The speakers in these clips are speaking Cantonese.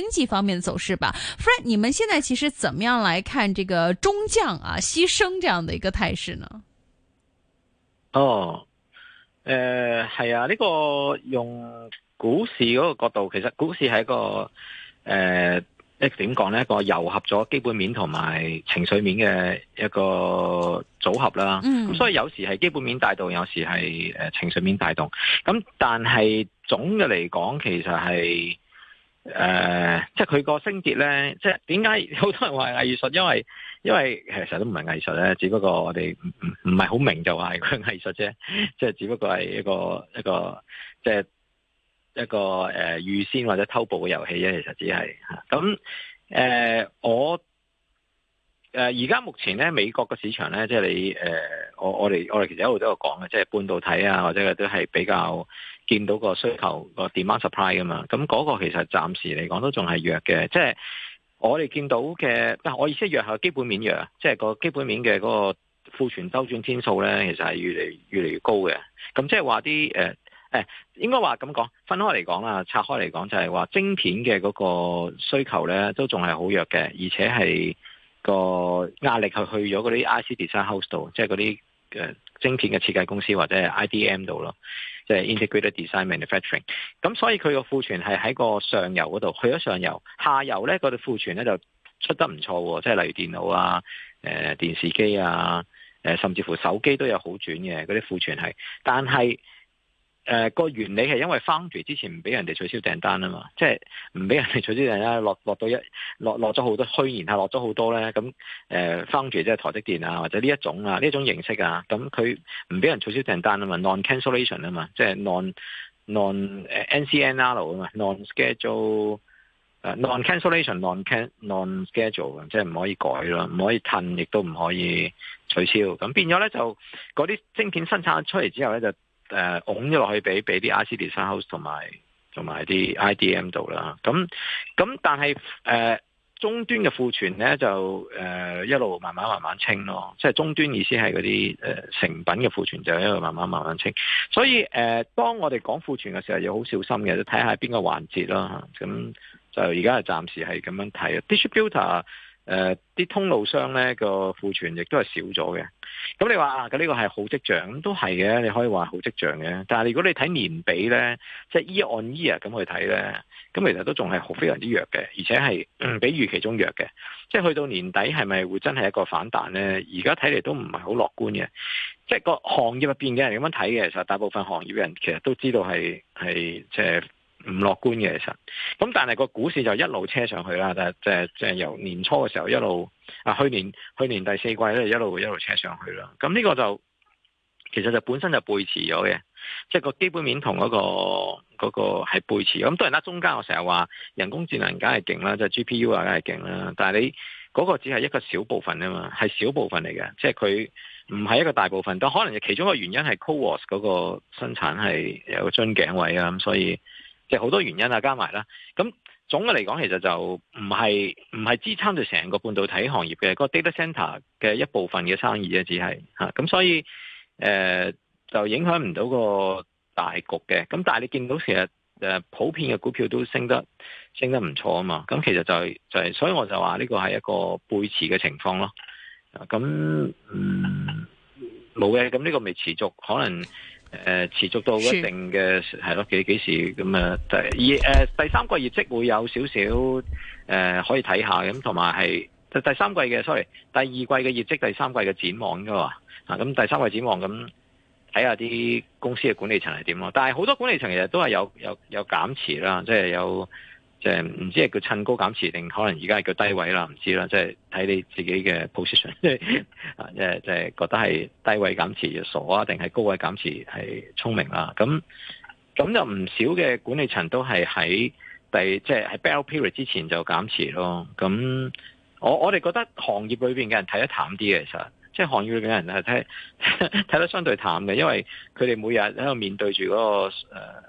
經濟方面走勢吧，Frank，你們現在其實怎麼樣來看這個中降啊、息升這樣的一個態勢呢？哦，誒、呃，係啊，呢、這個用股市嗰個角度，其實股市係一個誒，點講呢，一個糅合咗基本面同埋情緒面嘅一個組合啦。嗯，咁所以有時係基本面帶動，有時係誒、呃、情緒面帶動。咁但係總嘅嚟講，其實係。誒、呃，即係佢個升跌咧，即係點解好多人話係藝術？因為因為其實都唔係藝術咧，只不過我哋唔唔係好明就話係個藝術啫，即係只不過係一個一個即係一個誒預、呃、先或者偷步嘅遊戲咧，其實只係吓咁誒，我。誒而家目前咧，美國嘅市場咧，即係你誒、呃，我我哋我哋其實一路都有講嘅，即係半導體啊，或者都係比較見到個需求個 demand supply 噶嘛。咁嗰個其實暫時嚟講都仲係弱嘅。即係我哋見到嘅，但我意思弱係基本面弱，即係個基本面嘅嗰個庫存周轉天數咧，其實係越嚟越嚟越高嘅。咁即係話啲誒誒，應該話咁講，分開嚟講啦，拆開嚟講就係話晶片嘅嗰個需求咧，都仲係好弱嘅，而且係。個壓力係去咗嗰啲 IC design house 度，即係嗰啲誒晶片嘅設計公司或者 IDM 度咯，即係 integrated design manufacturing。咁所以佢個庫存係喺個上游嗰度，去咗上游，下游咧佢哋庫存咧就出得唔錯喎，即係例如電腦啊、誒、呃、電視機啊、誒、呃、甚至乎手機都有好轉嘅嗰啲庫存係，但係。誒個、呃、原理係因為 foundry 之前唔俾人哋取消訂單啊嘛，即係唔俾人哋取消訂單，落落到一落落咗好多虛言嚇，落咗好多咧，咁誒 foundry 即係台積電啊，或者呢一種啊，呢一種形式啊，咁佢唔俾人取消訂單啊嘛，non-cancellation 啊嘛，即係、就是、non non、uh, N C N R 啊嘛，non-schedule 誒 non-cancellation non non-schedule 即係唔可以改咯，唔可以褪，亦都唔可以取消，咁變咗咧就嗰啲晶片生產出嚟之後咧就。誒拱咗落去俾俾啲 IC Design House 同埋同埋啲 IDM 度啦，咁咁但係誒終端嘅庫存咧就誒、呃、一路慢慢慢慢清咯，即係終端意思係嗰啲誒成品嘅庫存就一路慢慢慢慢清，所以、呃、當我哋講庫存嘅時候要好小心嘅，睇下邊個環節啦，咁就而家係暫時係咁樣睇啊，Distributor。Distrib 誒啲、呃、通路商咧個庫存亦都係少咗嘅，咁你話嘅呢個係好跡象，咁都係嘅，你可以話好跡象嘅。但係如果你睇年比咧，即係 year on year 咁去睇咧，咁其實都仲係好非常之弱嘅，而且係比預期中弱嘅。即係去到年底係咪會真係一個反彈咧？而家睇嚟都唔係好樂觀嘅。即係個行業入邊嘅人點樣睇嘅？其實大部分行業嘅人其實都知道係係即係。唔樂觀嘅，其實咁，但係個股市就一路車上去啦。即係即係由年初嘅時候一路啊，去年去年第四季咧一路一路車上去啦。咁呢個就其實就本身就背馳咗嘅，即係個基本面同嗰個嗰個係背馳。咁當然啦，中間我成日話人工智能梗係勁啦，即係 G P U 啊梗係勁啦。但係你嗰個只係一個小部分啊嘛，係小部分嚟嘅，即係佢唔係一個大部分。但可能其中一個原因係 Coors 嗰個生產係有樽頸位啊，咁所以。即係好多原因啊，加埋啦。咁總嘅嚟講，其實就唔係唔係支撐到成個半導體行業嘅，嗰個 data center 嘅一部分嘅生意啊，只係嚇。咁所以誒、呃，就影響唔到個大局嘅。咁但係你見到其實誒、呃、普遍嘅股票都升得升得唔錯啊嘛。咁其實就係就係所以我就話呢個係一個背馳嘅情況咯。咁冇嘅，咁、嗯、呢個未持續，可能。誒、呃，持續到一定嘅係咯，幾幾時咁啊？第二誒，第三季業績會有少少誒、呃，可以睇下。咁同埋係第三季嘅，sorry，第二季嘅業績，第三季嘅展望噶嘛啊？咁、嗯、第三季展望，咁睇下啲公司嘅管理層係點咯。但係好多管理層其實都係有有有減持啦，即係有。即係唔知係叫趁高減持，定可能而家係叫低位啦，唔知啦，即係睇你自己嘅 position，即係即係覺得係低位減持傻啊，定係高位減持係聰明啦？咁咁就唔少嘅管理層都係喺第即係喺 bell period 之前就減持咯。咁我我哋覺得行業裏邊嘅人睇得淡啲嘅，其實即係行業裏邊嘅人係睇睇得相對淡嘅，因為佢哋每日喺度面對住嗰個，呃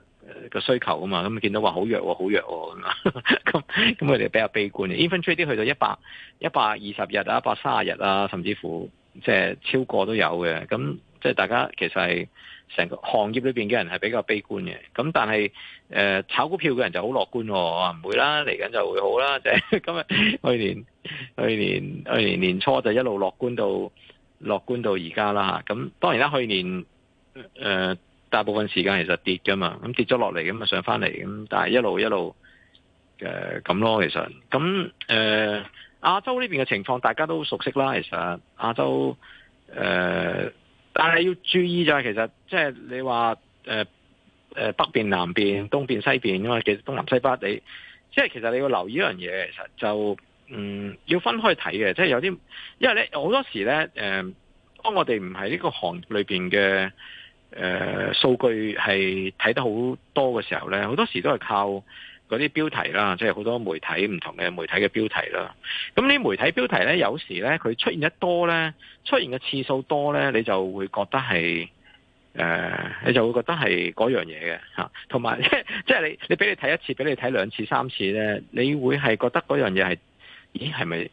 個需求啊嘛，咁見到話好弱、哦，好弱咁、哦，咁咁佢哋比較悲觀嘅。Inventory 啲去到一百一百二十日啊，一百三十日啊，甚至乎即係超過都有嘅。咁即係大家其實係成個行業裏邊嘅人係比較悲觀嘅。咁但係誒、呃、炒股票嘅人就好樂觀的，我話唔會啦，嚟緊就會好啦。即係今年去年去年去年年初就一路樂觀到樂觀到而家啦。吓咁，當然啦，去年誒。呃大部分時間其實跌㗎嘛，咁跌咗落嚟咁咪上翻嚟咁，但係一路一路誒咁、呃、咯，其實咁誒亞洲呢邊嘅情況大家都熟悉啦，其實亞洲誒、呃，但係要注意就係其實即係你話誒、呃呃、北邊南邊東邊西邊啊嘛，其實東南西北你即係其實你要留意一樣嘢，其實就嗯要分開睇嘅，即係有啲因為咧好多時咧誒，呃、當我哋唔係呢個行業裏邊嘅。誒，數據係睇得好多嘅時候咧，好多時都係靠嗰啲標題啦，即係好多媒體唔同嘅媒體嘅標題啦。咁呢媒體標題咧，有時咧佢出現得多咧，出現嘅次數多咧，你就會覺得係誒、呃，你就會覺得係嗰樣嘢嘅吓。同埋即係你，你俾你睇一次，俾你睇兩次、三次咧，你會係覺得嗰樣嘢係，咦，係咪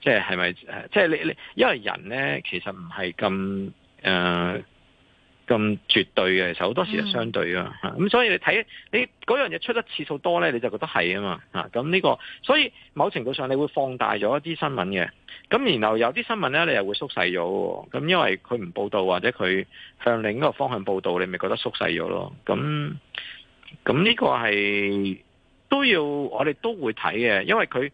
即係，係咪誒？即係你，你，因為人咧其實唔係咁誒。呃咁絕對嘅，其實好多時係相對噶，咁、嗯嗯、所以你睇你嗰樣嘢出得次數多呢，你就覺得係啊嘛，咁、啊、呢、嗯這個，所以某程度上你會放大咗一啲新聞嘅，咁、嗯、然後有啲新聞呢，你又會縮細咗，咁、嗯、因為佢唔報道或者佢向另一個方向報道，你咪覺得縮細咗咯，咁咁呢個係都要我哋都會睇嘅，因為佢。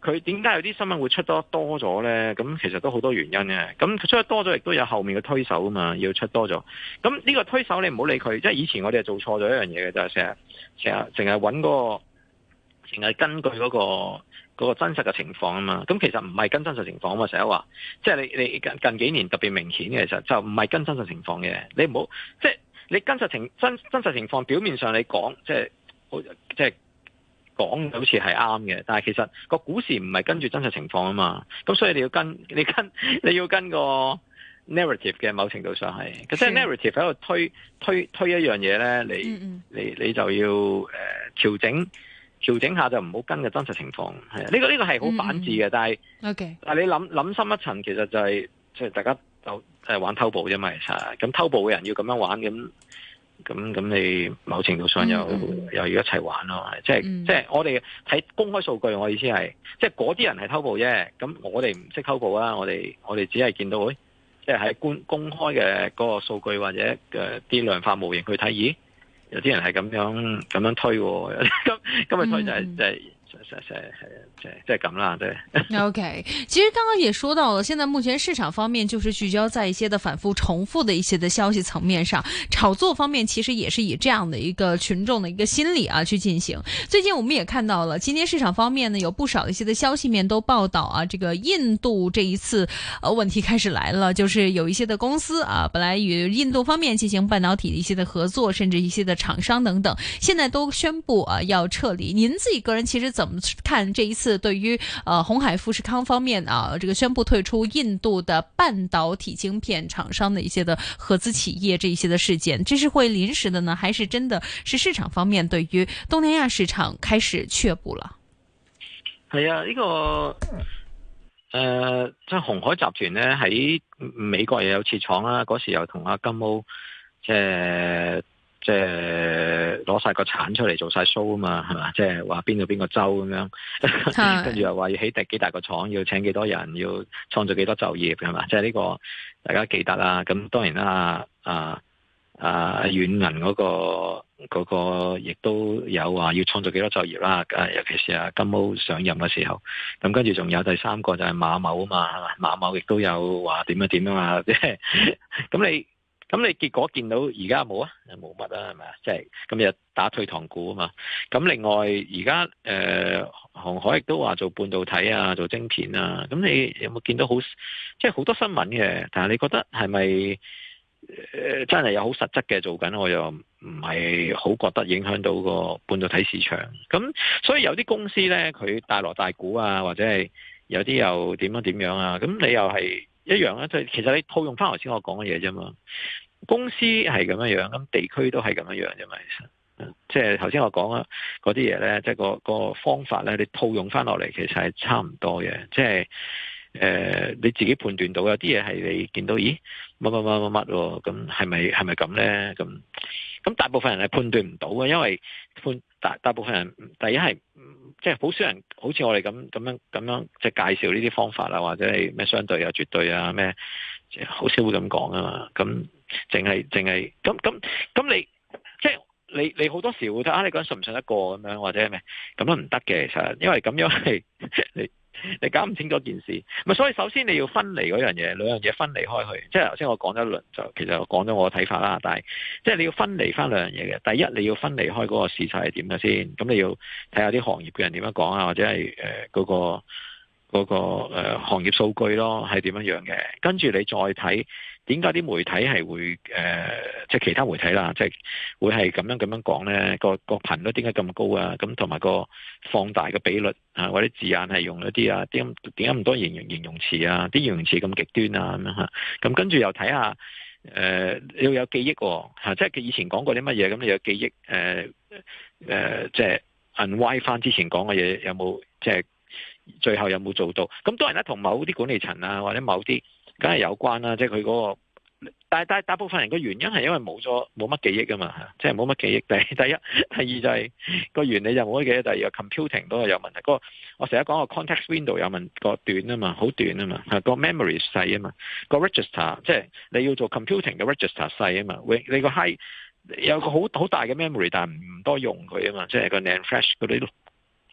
佢點解有啲新聞會出得多咗咧？咁其實都好多原因嘅。咁佢出得多咗，亦都有後面嘅推手啊嘛，要出多咗。咁呢個推手你唔好理佢，即係以前我哋係做錯咗一樣嘢嘅，就係成日成日成日搵嗰個，成日根據嗰個嗰個真實嘅情況啊嘛。咁其實唔係跟真實情況啊嘛，成日話即係你你近你近幾年特別明顯嘅其實就唔係跟真實情況嘅。你唔好即係你跟實真實情真真實情況表面上你講即係即係。即係即係講好似係啱嘅，但係其實個股市唔係跟住真實情況啊嘛，咁所以你要跟，你跟你要跟個 narrative 嘅某程度上係，即係 narrative 喺度推推推一樣嘢咧，你你，你就要誒、呃、調整調整下，就唔好跟嘅真實情況呢、呢個呢、呢個係好反智嘅，嗯、但係，Okay. 但係你諗諗深一層，其實就係即係大家就係玩偷步啫嘛，咁偷步嘅人要咁樣玩咁。咁咁，你某程度上又又要、嗯嗯、一齊玩咯、啊，即係即係我哋睇公開數據，我意思係，即係嗰啲人係偷步啫。咁我哋唔識偷步啦，我哋我哋只係見到，即係喺公公開嘅嗰個數據或者嘅啲、呃、量化模型去睇，咦，有啲人係咁樣咁樣推、啊，咁咁嘅推就係即係。嗯就係係係係係係，即係咁啦，對。OK，其實剛剛也說到了，現在目前市場方面就是聚焦在一些的反覆重複的一些的消息層面上，炒作方面其實也是以這樣的一個群眾的一個心理啊去進行。最近我們也看到了，今天市場方面呢有不少一些的消息面都報道啊，這個印度這一次呃問題開始來了，就是有一些的公司啊本來與印度方面進行半導體的一些的合作，甚至一些的廠商等等，現在都宣佈啊要撤離。您自己個人其實。怎麼看這一次對於呃鴻海富士康方面啊這個宣布退出印度的半導體晶片廠商的一些的合資企業這一些的事件，這是會臨時的呢，還是真的是市場方面對於東南亞市場開始卻步了？係啊，呢、這個，誒、呃，即係鴻海集團呢，喺美國也有設廠啦、啊，嗰時又同阿金毛。誒、呃。即係攞晒個產出嚟做晒 show 啊嘛，係嘛？即係話邊個邊個州咁樣，跟住又話要起第幾大個廠，要請幾多人，要創造幾多就業係嘛？即係呢個大家記得啦。咁當然啦，啊啊啊，遠銀嗰個嗰個亦都有話要創造幾多就業啦。尤其是啊金毛上任嘅時候，咁跟住仲有第三個就係馬某啊嘛，馬某亦都有話點樣點樣，即係咁你。咁你結果見到而家冇啊？冇乜啦，係咪啊？即係今日打退堂鼓啊嘛。咁另外而家誒，紅、呃、海亦都話做半導體啊，做晶片啊。咁你有冇見到好即係好多新聞嘅？但係你覺得係咪、呃、真係有好實質嘅做緊？我又唔係好覺得影響到個半導體市場。咁所以有啲公司呢，佢大鑼大鼓啊，或者係有啲又點樣點樣啊？咁你又係？一樣啦，就係其實你套用翻頭先我講嘅嘢啫嘛。公司係咁樣樣，咁地區都係咁樣樣啫嘛。其實，即係頭先我講啦，嗰啲嘢咧，即係個個方法咧，你套用翻落嚟，其實係差唔多嘅，即係。誒、呃，你自己判斷到有啲嘢係你見到，咦？乜乜乜乜乜喎？咁係咪係咪咁咧？咁咁大部分人係判斷唔到嘅，因為判大大部分人第一係即係好少人，好似我哋咁咁樣咁樣即係介紹呢啲方法啊，或者係咩相對啊、絕對啊咩，好少會咁講啊嘛。咁淨係淨係咁咁咁你即係、就是、你你好多時候會睇啊，你講信唔信得過咁、啊、樣，或者係咩咁都唔得嘅。其實因為咁樣係你。 你搞唔清楚件事，咪所以首先你要分離嗰樣嘢，兩樣嘢分離開去。即係頭先我講咗一輪，就其實我講咗我嘅睇法啦。但係即係你要分離翻兩樣嘢嘅。第一，你要分離開嗰個事態係點嘅先。咁你要睇下啲行業嘅人點樣講啊，或者係誒嗰個，嗰、那個、呃、行業數據咯，係點樣樣嘅？跟住你再睇點解啲媒體係會誒、呃，即係其他媒體啦，即係會係咁樣咁樣講咧？個個頻率點解咁高啊？咁同埋個放大嘅比率啊，或者字眼係用咗啲啊？點解咁多形容形容詞啊？啲形容詞咁極端啊咁咁跟住又睇下你、呃、要有記憶喎、哦、即係佢以前講過啲乜嘢咁？你有記憶誒誒、呃呃，即係 unwind 翻之前講嘅嘢有冇即係？最後有冇做到？咁當然啦，同某啲管理層啊，或者某啲梗係有關啦、啊，即係佢嗰個。但係但係大部分人嘅原因係因為冇咗冇乜記憶㗎嘛嚇，即係冇乜記憶。第第一，第二就係、是、個原理就冇乜記憶。第二個 computing 都係有問題。嗰個我成日講個 context window 有問、個短啊嘛，好短啊嘛，個 memory 細啊嘛，個 register 即係你要做 computing 嘅 register 細啊嘛。你個 high 有個好好大嘅 memory，但係唔多用佢啊嘛，即係個 NAND flash 嗰啲都。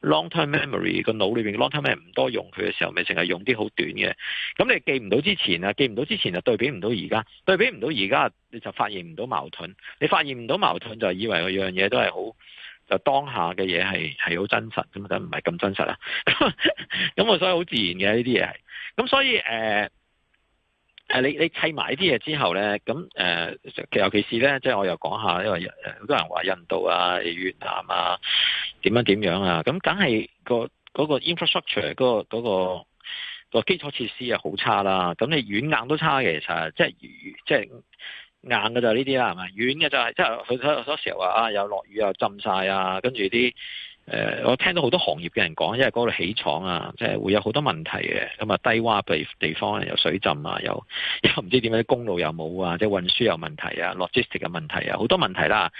long time memory 個腦裏邊 long time memory 唔多用佢嘅時候，咪成日用啲好短嘅。咁你記唔到之前啊，記唔到之前啊，對比唔到而家，對比唔到而家，你就發現唔到矛盾。你發現唔到矛盾，就以為個樣嘢都係好就當下嘅嘢係係好真實咁就唔係咁真實啦。咁 我所以好自然嘅呢啲嘢，咁所以誒。呃誒、啊，你你砌埋呢啲嘢之後咧，咁誒，其、呃、尤其是咧，即係我又講下，因為好多人話印度啊、越南啊，點樣點樣啊，咁梗係個嗰、嗰個 infrastructure 嗰、嗰個嗰、嗰個、嗰個基礎設施啊好差啦，咁你軟硬都差嘅其實，即係即係硬嘅就呢啲啦，係咪？軟嘅就係即係佢有好多時候話啊，又落雨又浸晒啊，跟住啲。誒、呃，我聽到好多行業嘅人講，因為嗰度起廠啊，即係會有好多問題嘅。咁啊，低窪地地方咧有水浸啊，又又唔知點解，公路又冇啊，即係運輸有問題啊，logistic 嘅問題啊，好多問題啦。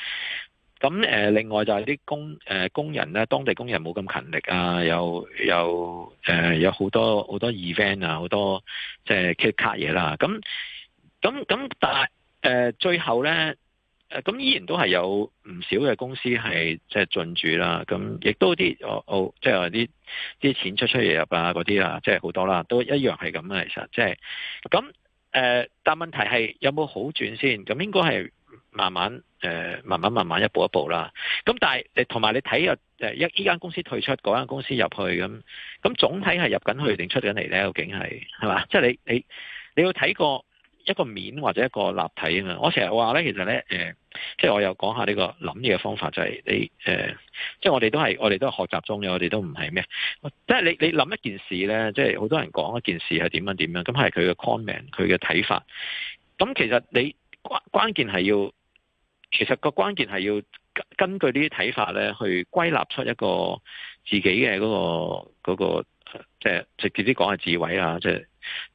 咁、呃、另外就係啲工、呃、工人咧，當地工人冇咁勤力啊，又，又、呃、有有好多好多 event 啊，好多即係 card 嘢啦。咁咁咁，但係、呃、最後咧。誒咁依然都係有唔少嘅公司係即係進駐啦，咁亦都啲哦哦，即係話啲啲錢出出嘢入啊嗰啲啊，即係好多啦，都一樣係咁啊，其實即係咁誒，但問題係有冇好轉先？咁應該係慢慢誒、呃，慢慢慢慢一步一步啦。咁但係你同埋你睇個誒一依間公司退出，嗰間公司入去咁，咁總體係入緊去定出緊嚟咧？究竟係係嘛？即係、就是、你你你要睇過，一個面或者一個立體啊嘛！我成日話咧，其實咧，誒、呃，即係我有講下呢個諗嘢嘅方法，就係你誒、呃，即係我哋都係我哋都係學習中嘅，我哋都唔係咩，即係你你諗一件事咧，即係好多人講一件事係點樣點樣，咁係佢嘅 comment，佢嘅睇法。咁其實你關關鍵係要，其實個關鍵係要根據呢啲睇法咧，去歸納出一個自己嘅嗰個嗰個，即係直接啲講係智慧啊，即係。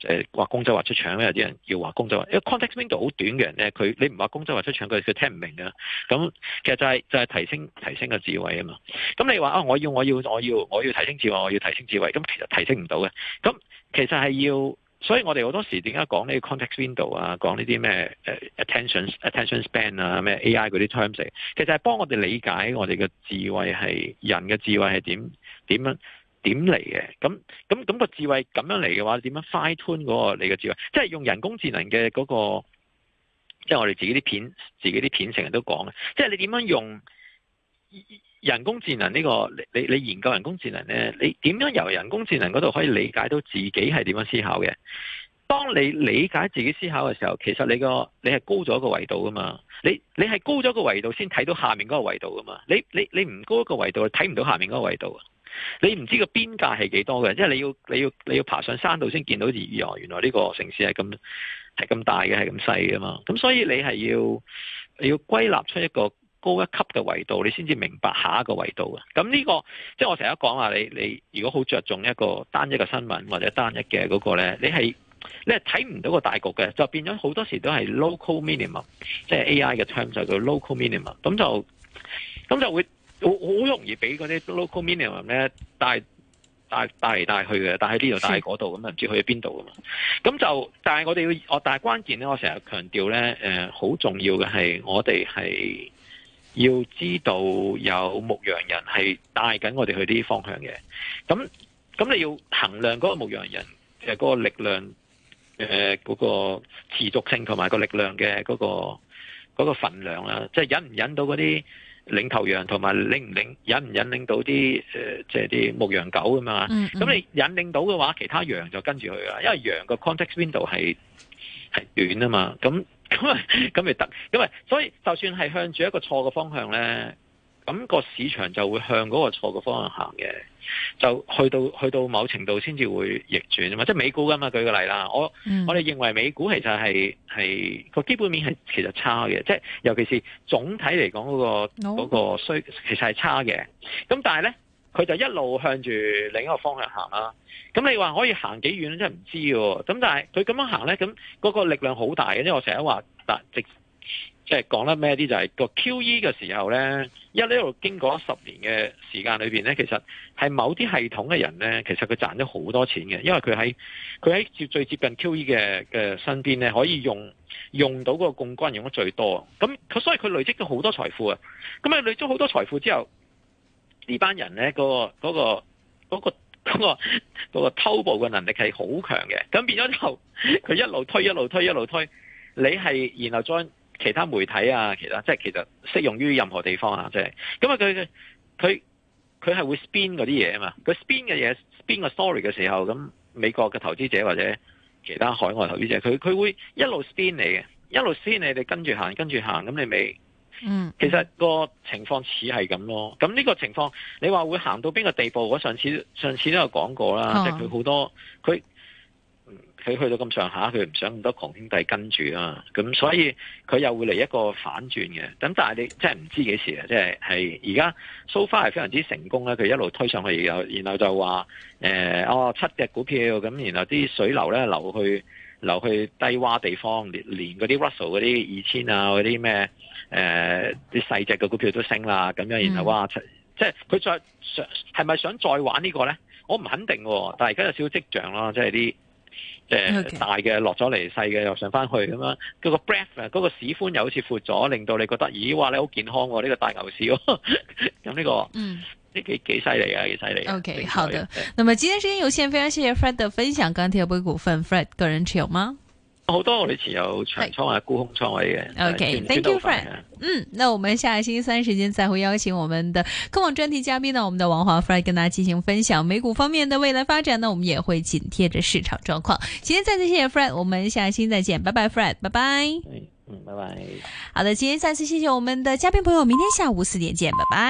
誒，畫公仔畫出腸咧，有啲人要畫公仔畫，因為 context window 好短嘅人，咧佢你唔畫公仔畫出腸，佢佢聽唔明嘅。咁、嗯、其實就係、是、就係、是、提升提升個智慧啊嘛。咁、嗯、你話啊，我要我要我要我要提升智慧，我要提升智慧，咁、嗯、其實提升唔到嘅。咁、嗯、其實係要，所以我哋好多時點解講呢個 context window 啊，講呢啲咩誒 attention attention span 啊，咩 AI 嗰啲 terms，其實係幫我哋理解我哋嘅智慧係人嘅智慧係點點樣。點嚟嘅？咁咁咁個智慧咁樣嚟嘅話，點樣 fine tune 嗰個你嘅智慧？即係用人工智能嘅嗰個，即係我哋自己啲片，自己啲片成日都講嘅。即係你點樣用人工智能呢個？你你研究人工智能呢？你點樣由人工智能嗰度可以理解到自己係點樣思考嘅？當你理解自己思考嘅時候，其實你個你係高咗一個維度噶嘛？你你係高咗個維度先睇到下面嗰個維度噶嘛？你你你唔高一個維度，你睇唔到下面嗰個維度啊！你唔知個邊界係幾多嘅，即係你要你要你要爬上山度先見到異樣。原來呢個城市係咁係咁大嘅，係咁細嘅嘛。咁所以你係要你要歸納出一個高一級嘅維度，你先至明白下一個維度嘅。咁呢個即係我成日講話，你你如果好着重一個單一嘅新聞或者單一嘅嗰個咧，你係你係睇唔到個大局嘅，就變咗好多時都係 local minimum，即係 AI 嘅 term 就叫 local minimum。咁就咁就會。好好容易俾嗰啲 local minimum 咧帶帶帶嚟帶去嘅，但係呢度帶嗰度咁啊，唔知去咗邊度咁嘛？咁就，但係我哋要，我但係關鍵咧，我成日強調咧，呃好重要嘅係我哋係要知道有牧羊人係帶緊我哋去啲方向嘅。咁咁你要衡量嗰個牧羊人嗰個力量，呃嗰個持續性同埋個力量嘅嗰個嗰個份量啦，即係引唔引到嗰啲。領頭羊同埋領唔領引唔引領到啲誒即係啲牧羊狗咁啊？咁、嗯嗯、你引領到嘅話，其他羊就跟住佢啦，因為羊個 context window 係係短啊嘛。咁咁啊咁咪得，因為所以就算係向住一個錯嘅方向咧。咁個市場就會向嗰個錯嘅方向行嘅，就去到去到某程度先至會逆轉啊嘛！即係美股㗎嘛，舉個例啦，我、嗯、我哋認為美股其實係係個基本面係其實差嘅，即係尤其是總體嚟講嗰個嗰個需、那個、其實係差嘅。咁但係咧，佢就一路向住另一個方向行啦。咁你話可以行幾遠真係唔知喎。咁但係佢咁樣行咧，咁嗰個力量好大嘅，因為我成日話直。即係講得咩啲就係個 QE 嘅時候咧，因為呢度經過十年嘅時間裏面咧，其實係某啲系統嘅人咧，其實佢賺咗好多錢嘅，因為佢喺佢喺接最接近 QE 嘅嘅身邊咧，可以用用到嗰個槓桿用得最多，咁佢所以佢累積咗好多財富啊！咁啊累積咗好多財富之後，呢班人咧嗰個嗰、嗰個嗰嗰嗰偷步嘅能力係好強嘅，咁變咗之後佢一路推一路推一路推，一路推，你係然後再。其他媒體啊，其他即係其實適用於任何地方啊，即係咁啊佢佢佢係會 spin 嗰啲嘢啊嘛，佢 spin 嘅嘢 spin 個 story 嘅時候，咁美國嘅投資者或者其他海外投資者，佢佢會一路 spin 你嘅，一路 spin 你，你跟住行跟住行，咁你咪嗯，其實個情況似係咁咯，咁呢個情況你話會行到邊個地步？我上次上次都有講過啦，嗯、即係佢好多佢。佢去到咁上下，佢唔想咁多狂兄弟跟住啊，咁所以佢又會嚟一個反轉嘅。咁但係你真係唔知幾時啊，即係係而家 so far 係非常之成功咧。佢一路推上去，然後就話誒、呃、哦，七隻股票咁，然後啲水流咧流去流去低洼地方，連連嗰啲 Russell 嗰啲二千啊嗰啲咩誒啲細隻嘅股票都升啦，咁樣然後哇，即係佢再想係咪想再玩呢個呢個咧？我唔肯定的，但係而家有少少跡象咯，即係啲。Okay. 大嘅落咗嚟，細嘅又上翻去咁啊！嗰、那個 breadth 嗰個市寬又好似闊咗，令到你覺得，咦哇！你好健康喎、啊，呢、這個大牛市喎。咁 呢、這個嗯，呢幾幾犀利啊，幾犀利。O、okay, K，好的。Yeah. 那麼今天時間有限，非常謝謝 Fred 嘅分享鋼鐵股份 Fred 個人持有嗎？好多我以前有長倉啊，沽空倉位嘅。 OK，Thank you，Fred。嗯，那我們下個星期三時間再會邀請我們的科網專題嘉賓呢，我們的王華 Fred 跟大家進行分享美股方面的未來發展呢，我們也會緊貼着市場狀況。今天再次謝謝 Fred，我們下星期再見，拜拜，Fred，拜拜。 嗯，拜拜。好的，今天再次謝謝我們的嘉賓朋友，明天下午四點見，拜拜。